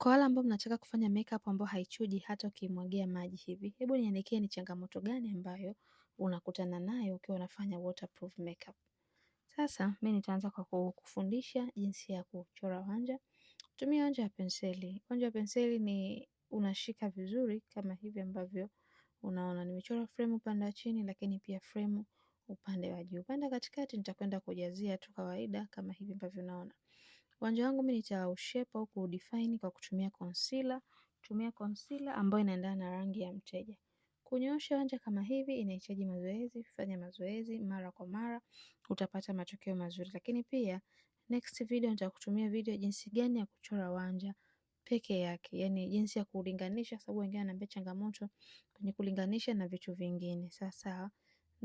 Kwa wale ambao mnataka kufanya makeup ambayo haichuji hata ukimwagia maji hivi, hebu niandikie ni changamoto gani ambayo unakutana nayo ukiwa unafanya waterproof makeup. Sasa mimi nitaanza kwa kukufundisha jinsi ya kuchora wanja. Tumia wanja ya penseli. Wanja ya penseli ni unashika vizuri kama hivi ambavyo unaona nimechora frame upande wa chini, lakini pia frame upande wa juu. Upande katikati nitakwenda kujazia tu kawaida kama hivi ambavyo unaona. Uwanja wangu mimi nitaushape au kuudefine kwa kutumia concealer. Tumia concealer ambayo inaendana na rangi ya mteja. Kunyoosha wanja kama hivi inahitaji mazoezi, fanya mazoezi mara kwa mara, utapata matokeo mazuri. Lakini pia next video nitakutumia video jinsi gani ya kuchora wanja peke yake, yani jinsi ya kulinganisha, sababu wengine wanaambia changamoto kwenye kulinganisha na vitu vingine. Sasa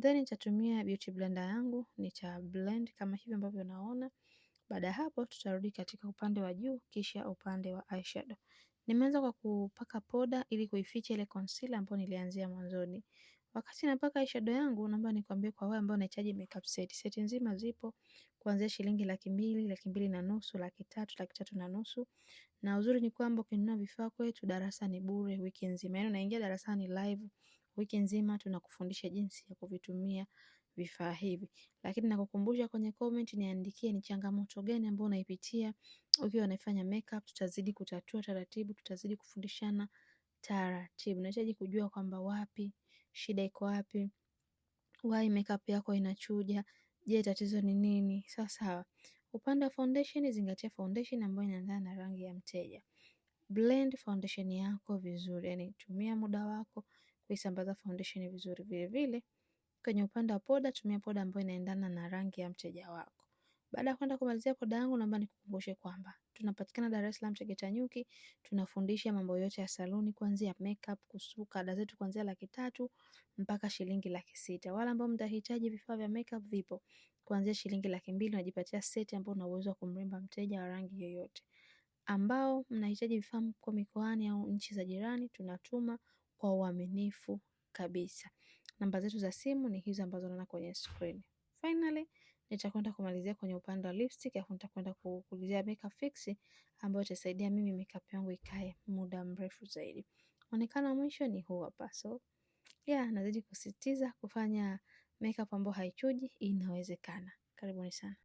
then nitatumia beauty blender yangu nita blend kama hivi ambavyo unaona. Baada ya hapo, tutarudi katika upande wa juu kisha upande wa eyeshadow. Nimeanza kwa kupaka poda ili kuificha ile concealer ambayo nilianzia mwanzoni. Wakati napaka eyeshadow yangu, naomba nikwambie kwa wewe ambao unahitaji makeup set. Seti nzima zipo kuanzia shilingi laki mbili, laki mbili na nusu, laki tatu, laki tatu na nusu. Na uzuri ni kwamba ukinunua vifaa kwetu darasa ni bure wiki nzima. Yaani unaingia darasani live wiki nzima tunakufundisha jinsi ya kuvitumia vifaa hivi. Lakini nakukumbusha kwenye comment niandikie ni changamoto gani ambayo unaipitia ukiwa unafanya makeup, tutazidi kutatua taratibu, tutazidi kufundishana taratibu. Unahitaji kujua kwamba wapi shida iko wapi, why makeup yako inachuja, je, tatizo ni nini? Sawa sawa. Upande wa foundation, zingatia foundation ambayo inaendana na rangi ya mteja. Blend foundation yako vizuri, yani tumia muda wako kuisambaza foundation vizuri. Vilevile Kwenye upande wa poda, tumia poda ambayo inaendana na rangi ya mteja wako. Baada ya kwenda kumalizia poda yangu, naomba nikukumbushe kwamba tunapatikana Dar es Salaam Chege Nyuki. Tunafundisha mambo yote ya saluni kuanzia makeup, kusuka. Ada zetu kuanzia laki tatu mpaka shilingi laki sita. Wale ambao mtahitaji vifaa vya makeup vipo kuanzia shilingi laki mbili unajipatia seti ambayo una uwezo wa kumremba mteja wa rangi yoyote. Ambao mnahitaji vifaa kwa mikoani au nchi za jirani, tunatuma kwa uaminifu kabisa. Namba zetu za simu ni hizo ambazo unaona kwenye screen. Finally, nitakwenda kumalizia kwenye upande wa lipstick, afu nitakwenda kukulizia makeup fix ambayo itasaidia mimi makeup yangu ikae muda mrefu zaidi. Muonekano mwisho ni huu hapa. So, yeah, nazidi kusisitiza kufanya makeup ambayo haichuji inawezekana. Karibuni sana.